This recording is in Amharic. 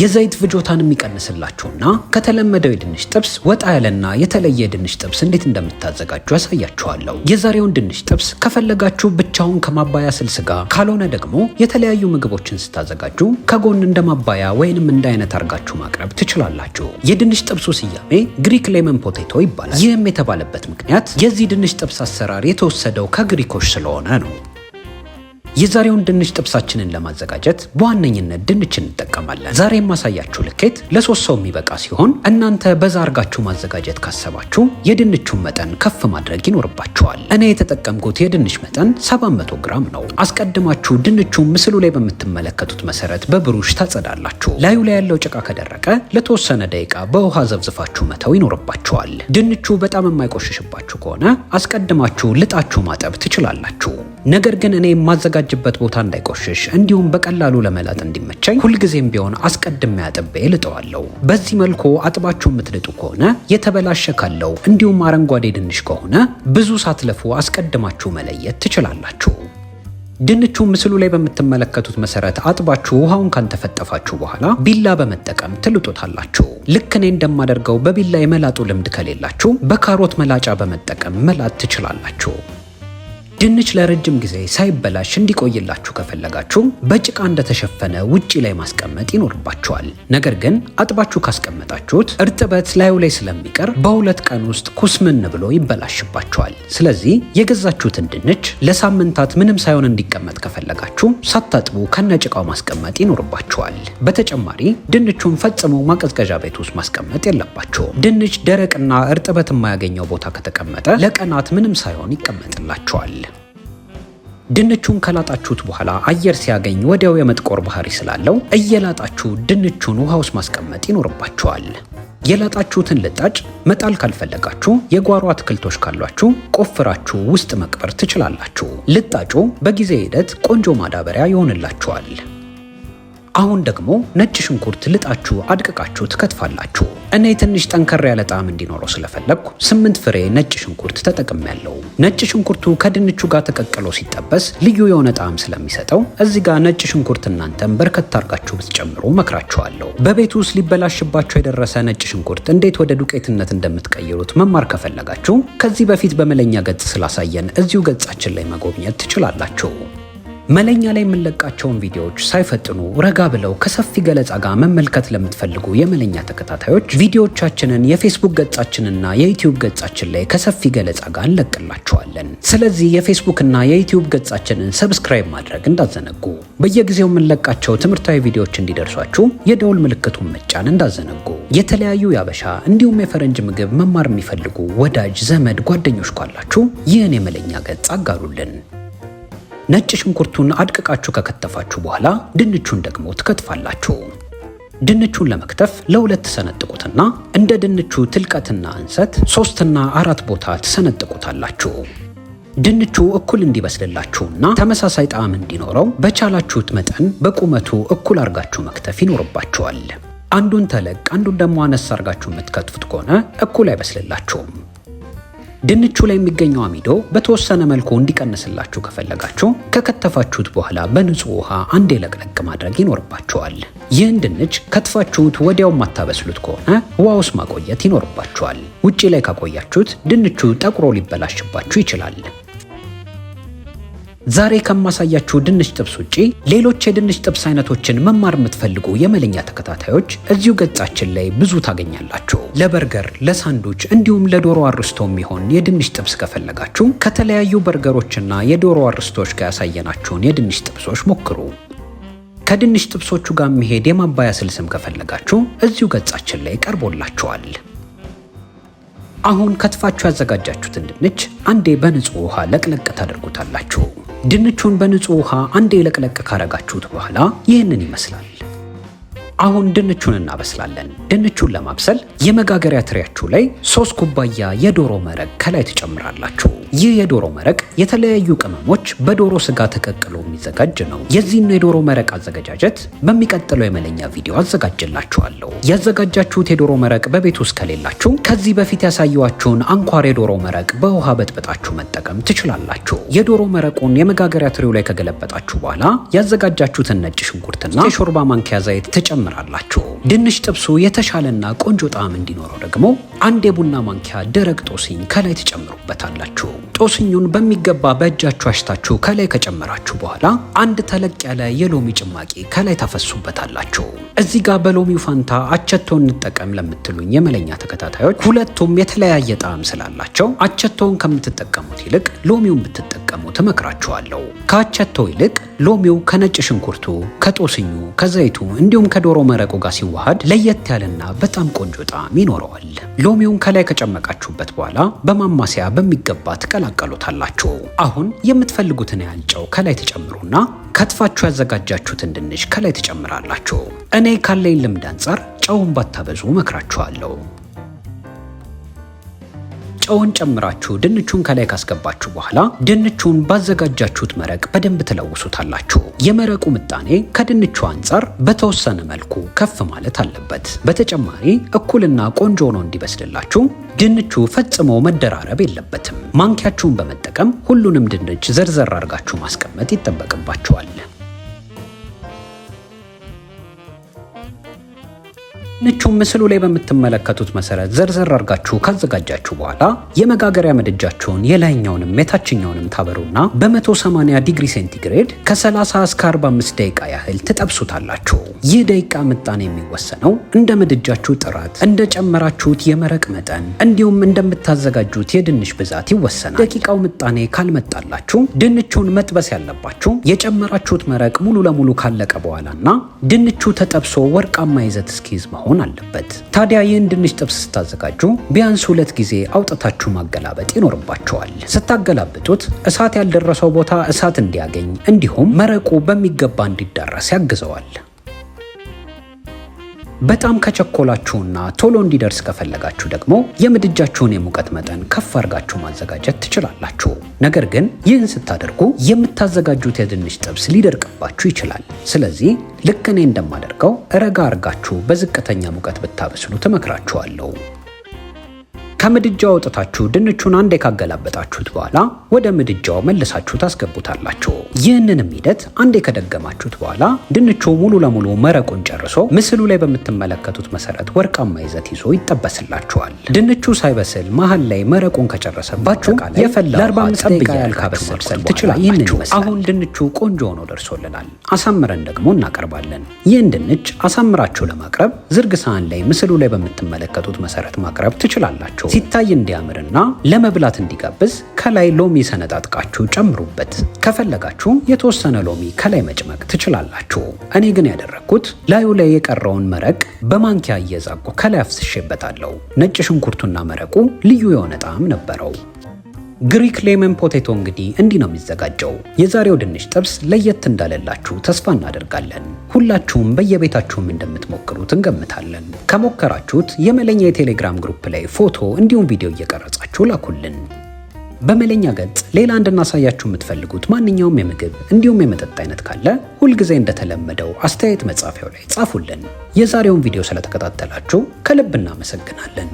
የዘይት ፍጆታን የሚቀንስላችሁና ከተለመደው የድንች ጥብስ ወጣ ያለና የተለየ የድንች ጥብስ እንዴት እንደምታዘጋጁ ያሳያችኋለሁ። የዛሬውን ድንች ጥብስ ከፈለጋችሁ ብቻውን ከማባያ ስልስ ጋር፣ ካልሆነ ደግሞ የተለያዩ ምግቦችን ስታዘጋጁ ከጎን እንደ ማባያ ወይንም እንደ አይነት አድርጋችሁ ማቅረብ ትችላላችሁ። የድንች ጥብሱ ስያሜ ግሪክ ሌመን ፖቴቶ ይባላል። ይህም የተባለበት ምክንያት የዚህ ድንች ጥብስ አሰራር የተወሰደው ከግሪኮች ስለሆነ ነው። የዛሬውን ድንች ጥብሳችንን ለማዘጋጀት በዋነኝነት ድንች እንጠቀማለን። ዛሬ የማሳያችሁ ልኬት ለሶስት ሰው የሚበቃ ሲሆን እናንተ በዛ አርጋችሁ ማዘጋጀት ካሰባችሁ የድንቹን መጠን ከፍ ማድረግ ይኖርባችኋል። እኔ የተጠቀምኩት የድንች መጠን 700 ግራም ነው። አስቀድማችሁ ድንቹን ምስሉ ላይ በምትመለከቱት መሰረት በብሩሽ ታጸዳላችሁ። ላዩ ላይ ያለው ጭቃ ከደረቀ ለተወሰነ ደቂቃ በውሃ ዘብዝፋችሁ መተው ይኖርባችኋል። ድንቹ በጣም የማይቆሽሽባችሁ ከሆነ አስቀድማችሁ ልጣችሁ ማጠብ ትችላላችሁ። ነገር ግን እኔ የማዘጋጀ የሚፈጅበት ቦታ እንዳይቆሽሽ እንዲሁም በቀላሉ ለመላጥ እንዲመቸኝ ሁልጊዜም ቢሆን አስቀድሜ አጥቤ ልጠዋለሁ። በዚህ መልኩ አጥባችሁ የምትልጡ ከሆነ የተበላሸ ካለው እንዲሁም አረንጓዴ ድንች ከሆነ ብዙ ሳትለፉ አስቀድማችሁ መለየት ትችላላችሁ። ድንቹ ምስሉ ላይ በምትመለከቱት መሰረት አጥባችሁ ውሃውን ካንተፈጠፋችሁ በኋላ ቢላ በመጠቀም ትልጡታላችሁ። ልክ እኔ እንደማደርገው በቢላ የመላጡ ልምድ ከሌላችሁ በካሮት መላጫ በመጠቀም መላጥ ትችላላችሁ። ድንች ለረጅም ጊዜ ሳይበላሽ እንዲቆይላችሁ ከፈለጋችሁ በጭቃ እንደተሸፈነ ውጪ ላይ ማስቀመጥ ይኖርባችኋል። ነገር ግን አጥባችሁ ካስቀመጣችሁት እርጥበት ላዩ ላይ ስለሚቀር በሁለት ቀን ውስጥ ኩስምን ብሎ ይበላሽባችኋል። ስለዚህ የገዛችሁትን ድንች ለሳምንታት ምንም ሳይሆን እንዲቀመጥ ከፈለጋችሁ ሳታጥቡ ከነጭቃው ማስቀመጥ ይኖርባችኋል። በተጨማሪ ድንቹን ፈጽሞ ማቀዝቀዣ ቤት ውስጥ ማስቀመጥ የለባችሁም። ድንች ደረቅና እርጥበት የማያገኘው ቦታ ከተቀመጠ ለቀናት ምንም ሳይሆን ይቀመጥላችኋል። ድንቹን ከላጣችሁት በኋላ አየር ሲያገኝ ወዲያው የመጥቆር ባህሪ ስላለው እየላጣችሁ ድንቹን ውሃ ውስጥ ማስቀመጥ ይኖርባችኋል። የላጣችሁትን ልጣጭ መጣል ካልፈለጋችሁ የጓሮ አትክልቶች ካሏችሁ ቆፍራችሁ ውስጥ መቅበር ትችላላችሁ። ልጣጩ በጊዜ ሂደት ቆንጆ ማዳበሪያ ይሆንላችኋል። አሁን ደግሞ ነጭ ሽንኩርት ልጣችሁ አድቅቃችሁ ትከትፋላችሁ። እኔ ትንሽ ጠንከር ያለ ጣዕም እንዲኖረው ስለፈለግኩ ስምንት ፍሬ ነጭ ሽንኩርት ተጠቅም ያለው። ነጭ ሽንኩርቱ ከድንቹ ጋር ተቀቅሎ ሲጠበስ ልዩ የሆነ ጣዕም ስለሚሰጠው እዚህ ጋር ነጭ ሽንኩርት እናንተም በርከት አድርጋችሁ ብትጨምሩ መክራችኋለሁ። በቤት ውስጥ ሊበላሽባቸው የደረሰ ነጭ ሽንኩርት እንዴት ወደ ዱቄትነት እንደምትቀይሩት መማር ከፈለጋችሁ ከዚህ በፊት በመለኛ ገጽ ስላሳየን እዚሁ ገጻችን ላይ መጎብኘት ትችላላችሁ። መለኛ ላይ የምንለቃቸውን ቪዲዮዎች ሳይፈጥኑ ረጋ ብለው ከሰፊ ገለጻ ጋር መመልከት ለምትፈልጉ የመለኛ ተከታታዮች ቪዲዮዎቻችንን የፌስቡክ ገጻችንና የዩትዩብ ገጻችን ላይ ከሰፊ ገለጻ ጋር እንለቅላቸዋለን። ስለዚህ የፌስቡክ እና የዩትዩብ ገጻችንን ሰብስክራይብ ማድረግ እንዳዘነጉ፣ በየጊዜው የምንለቃቸው ትምህርታዊ ቪዲዮዎች እንዲደርሷችሁ የደውል ምልክቱን መጫን እንዳዘነጉ። የተለያዩ ያበሻ እንዲሁም የፈረንጅ ምግብ መማር የሚፈልጉ ወዳጅ ዘመድ ጓደኞች ካላችሁ ይህን የመለኛ ገጽ አጋሩልን። ነጭ ሽንኩርቱን አድቅቃችሁ ከከተፋችሁ በኋላ ድንቹን ደግሞ ትከትፋላችሁ። ድንቹን ለመክተፍ ለሁለት ሰነጥቁትና እንደ ድንቹ ትልቀትና እንሰት ሶስትና አራት ቦታ ትሰነጥቁታላችሁ። ድንቹ እኩል እንዲበስልላችሁና ተመሳሳይ ጣዕም እንዲኖረው በቻላችሁት መጠን በቁመቱ እኩል አርጋችሁ መክተፍ ይኖርባችኋል። አንዱን ተለቅ አንዱን ደግሞ አነስ አርጋችሁ የምትከትፉት ከሆነ እኩል አይበስልላችሁም። ድንቹ ላይ የሚገኘው አሚዶ በተወሰነ መልኩ እንዲቀንስላችሁ ከፈለጋችሁ ከከተፋችሁት በኋላ በንጹህ ውሃ አንዴ ለቅለቅ ማድረግ ይኖርባችኋል። ይህን ድንች ከትፋችሁት ወዲያው ማታበስሉት ከሆነ ውሃ ውስጥ ማቆየት ይኖርባችኋል። ውጪ ላይ ካቆያችሁት ድንቹ ጠቁሮ ሊበላሽባችሁ ይችላል። ዛሬ ከማሳያችሁ ድንች ጥብስ ውጪ ሌሎች የድንች ጥብስ አይነቶችን መማር የምትፈልጉ የመለኛ ተከታታዮች እዚሁ ገጻችን ላይ ብዙ ታገኛላችሁ። ለበርገር፣ ለሳንዱች እንዲሁም ለዶሮ አርስቶ የሚሆን የድንች ጥብስ ከፈለጋችሁ ከተለያዩ በርገሮችና የዶሮ አርስቶች ጋር ያሳየናችሁን የድንች ጥብሶች ሞክሩ። ከድንች ጥብሶቹ ጋር የሚሄድ የማባያ ስልስም ከፈለጋችሁ እዚሁ ገጻችን ላይ ቀርቦላችኋል። አሁን ከትፋችሁ ያዘጋጃችሁትን ድንች አንዴ በንጹህ ውሃ ለቅለቅ ታደርጉታላችሁ። ድንቹን በንጹህ ውሃ አንዴ ለቅለቅ ካረጋችሁት በኋላ ይህንን ይመስላል። አሁን ድንቹን እናበስላለን። ድንቹን ለማብሰል የመጋገሪያ ትሪያችሁ ላይ ሶስት ኩባያ የዶሮ መረቅ ከላይ ትጨምራላችሁ። ይህ የዶሮ መረቅ የተለያዩ ቅመሞች በዶሮ ስጋ ተቀቅሎ የሚዘጋጅ ነው። የዚህን የዶሮ መረቅ አዘገጃጀት በሚቀጥለው የመለኛ ቪዲዮ አዘጋጅላችኋለሁ። ያዘጋጃችሁት የዶሮ መረቅ በቤት ውስጥ ከሌላችሁ ከዚህ በፊት ያሳየኋችሁን አንኳር የዶሮ መረቅ በውሃ በጥብጣችሁ መጠቀም ትችላላችሁ። የዶሮ መረቁን የመጋገሪያ ትሪው ላይ ከገለበጣችሁ በኋላ ያዘጋጃችሁትን ነጭ ሽንኩርትና የሾርባ ማንኪያ ዘይት ትጨምራላችሁ። ድንች ጥብሱ የተሻለና ቆንጆ ጣዕም እንዲኖረው ደግሞ አንድ የቡና ማንኪያ ደረቅ ጦስኝ ከላይ ትጨምሩበታላችሁ። ጦስኙን በሚገባ በእጃችሁ አሽታችሁ ከላይ ከጨመራችሁ በኋላ አንድ ተለቅ ያለ የሎሚ ጭማቂ ከላይ ታፈሱበታላችሁ። እዚህ ጋር በሎሚው ፋንታ አቸቶ እንጠቀም ለምትሉኝ የመለኛ ተከታታዮች ሁለቱም የተለያየ ጣዕም ስላላቸው አቸቶውን ከምትጠቀሙት ይልቅ ሎሚውን ብትጠቀሙ ትመክራችኋለሁ። ከአቸቶ ይልቅ ሎሚው ከነጭ ሽንኩርቱ፣ ከጦስኙ፣ ከዘይቱ እንዲሁም ከዶሮ መረቁ ጋር ሲዋሃድ ለየት ያለና በጣም ቆንጆ ጣዕም ይኖረዋል። ሎሚውን ከላይ ከጨመቃችሁበት በኋላ በማማሰያ በሚገባ ትቀላቀሉታላችሁ። አሁን የምትፈልጉትን ያህል ጨው ከላይ ተጨምሩና ከትፋችሁ ያዘጋጃችሁትን ድንች ከላይ ትጨምራላችሁ። እኔ ካለኝ ልምድ አንጻር ጨውን ባታበዙ መክራችኋለሁ። ጨውን ጨምራችሁ ድንቹን ከላይ ካስገባችሁ በኋላ ድንቹን ባዘጋጃችሁት መረቅ በደንብ ትለውሱታላችሁ። የመረቁ ምጣኔ ከድንቹ አንጻር በተወሰነ መልኩ ከፍ ማለት አለበት። በተጨማሪ እኩልና ቆንጆ ሆኖ እንዲበስልላችሁ ድንቹ ፈጽሞ መደራረብ የለበትም። ማንኪያችሁን በመጠቀም ሁሉንም ድንች ዘርዘር አድርጋችሁ ማስቀመጥ ይጠበቅባችኋል። ድንቹን ምስሉ ላይ በምትመለከቱት መሰረት ዘርዘር አድርጋችሁ ካዘጋጃችሁ በኋላ የመጋገሪያ ምድጃችሁን የላይኛውንም የታችኛውንም ታበሩና በ180 ዲግሪ ሴንቲግሬድ ከ30 እስከ 45 ደቂቃ ያህል ትጠብሱታላችሁ። ይህ ደቂቃ ምጣኔ የሚወሰነው እንደ ምድጃችሁ ጥራት፣ እንደ ጨመራችሁት የመረቅ መጠን እንዲሁም እንደምታዘጋጁት የድንች ብዛት ይወሰናል። ደቂቃው ምጣኔ ካልመጣላችሁ ድንቹን መጥበስ ያለባችሁ የጨመራችሁት መረቅ ሙሉ ለሙሉ ካለቀ በኋላና ድንቹ ተጠብሶ ወርቃማ ይዘት እስኪይዝ መሆን አለበት። ታዲያ ይህን ድንች ጥብስ ስታዘጋጁ ቢያንስ ሁለት ጊዜ አውጥታችሁ ማገላበጥ ይኖርባቸዋል። ስታገላብጡት እሳት ያልደረሰው ቦታ እሳት እንዲያገኝ እንዲሁም መረቁ በሚገባ እንዲዳረስ ያግዘዋል። በጣም ከቸኮላችሁና ቶሎ እንዲደርስ ከፈለጋችሁ ደግሞ የምድጃችሁን የሙቀት መጠን ከፍ አድርጋችሁ ማዘጋጀት ትችላላችሁ። ነገር ግን ይህን ስታደርጉ የምታዘጋጁት የድንች ጥብስ ሊደርቅባችሁ ይችላል። ስለዚህ ልክ እኔ እንደማደርገው ረጋ አርጋችሁ በዝቅተኛ ሙቀት ብታበስሉ ትመክራችኋለሁ። ከምድጃው አውጥታችሁ ድንቹን አንዴ ካገላበጣችሁት በኋላ ወደ ምድጃው መልሳችሁ ታስገቡታላችሁ። ይህንንም ሂደት አንዴ ከደገማችሁት በኋላ ድንቹ ሙሉ ለሙሉ መረቁን ጨርሶ ምስሉ ላይ በምትመለከቱት መሰረት ወርቃማ ይዘት ይዞ ይጠበስላችኋል። ድንቹ ሳይበስል መሀል ላይ መረቁን ከጨረሰባችሁ የፈላ ጠብቃ ያልካበሰልሰል ትችላላችሁ። ይህንን አሁን ድንቹ ቆንጆ ሆኖ ደርሶልናል። አሳምረን ደግሞ እናቀርባለን። ይህን ድንች አሳምራችሁ ለማቅረብ ዝርግ ሳህን ላይ ምስሉ ላይ በምትመለከቱት መሰረት ማቅረብ ትችላላችሁ። ሲታይ እንዲያምርና ለመብላት እንዲጋብዝ ከላይ ሎሚ ሰነጣጥቃችሁ ጨምሩበት። ከፈለጋችሁ የተወሰነ ሎሚ ከላይ መጭመቅ ትችላላችሁ። እኔ ግን ያደረግኩት ላዩ ላይ የቀረውን መረቅ በማንኪያ እየዛቁ ከላይ አፍስሼበታለሁ። ነጭ ሽንኩርቱና መረቁ ልዩ የሆነ ጣዕም ነበረው። ግሪክ ሌመን ፖቴቶ እንግዲህ እንዲህ ነው የሚዘጋጀው። የዛሬው ድንች ጥብስ ለየት እንዳለላችሁ ተስፋ እናደርጋለን። ሁላችሁም በየቤታችሁም እንደምትሞክሩት እንገምታለን። ከሞከራችሁት የመለኛ የቴሌግራም ግሩፕ ላይ ፎቶ እንዲሁም ቪዲዮ እየቀረጻችሁ ላኩልን። በመለኛ ገጽ ሌላ እንድናሳያችሁ የምትፈልጉት ማንኛውም የምግብ እንዲሁም የመጠጥ አይነት ካለ ሁልጊዜ እንደተለመደው አስተያየት መጻፊያው ላይ ጻፉልን። የዛሬውን ቪዲዮ ስለተከታተላችሁ ከልብ እናመሰግናለን።